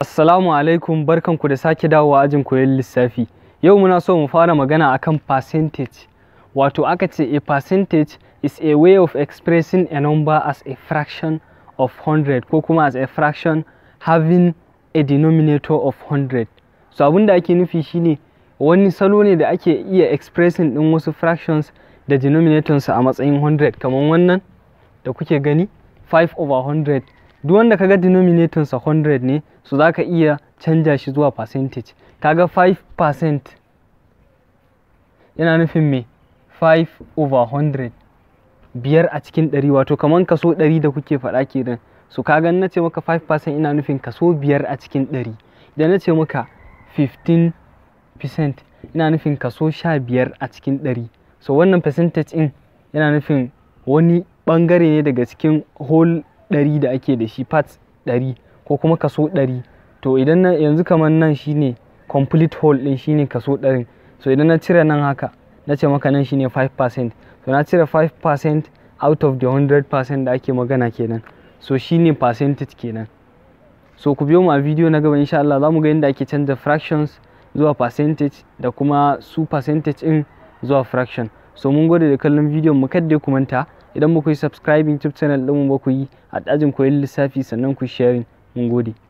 Assalamu alaikum barkanku da sake dawowa ajin koyon lissafi. Yau muna so mu fara magana akan percentage. Wato aka ce a percentage is a way of expressing a number as a fraction of 100 ko kuma as a fraction having a denominator of 100. So abin da ake nufi shine wani salo ne da ake iya expressing din wasu fractions da denominators a matsayin 100 kamar wannan da kuke gani 5 over 100 duk wanda kaga denominator sa 100 ne so zaka iya canja shi zuwa percentage kaga 5% yana nufin me 5 over 100 biyar a cikin 100 wato kaman kaso 100 da kuke faɗa kenan so kaga na ce maka 5% ina nufin kaso biyar a cikin 100 idan na ce maka 15% ina nufin kaso 15 a cikin 100 so wannan percentage in yana nufin wani bangare ne daga cikin whole ɗari da ake da shi parts ɗari ko kuma kaso ɗari to idan yanzu kamar nan shine complete whole ɗin shine kaso ɗarin so idan na cire nan haka na ce maka nan shine 5% to na cire 5% out of the 100% da ake magana kenan so shine percentage kenan so ku biyo mu a video na gaba insha Allah za ga yadda ake canza fractions zuwa percentage da kuma su percentage in zuwa fraction so mun gode da kallon bidiyon mu kada ku manta idan ba ku yi subscribing youtube channel mu ba ku yi a ɗajin koyon lissafi sannan ku sharing mun gode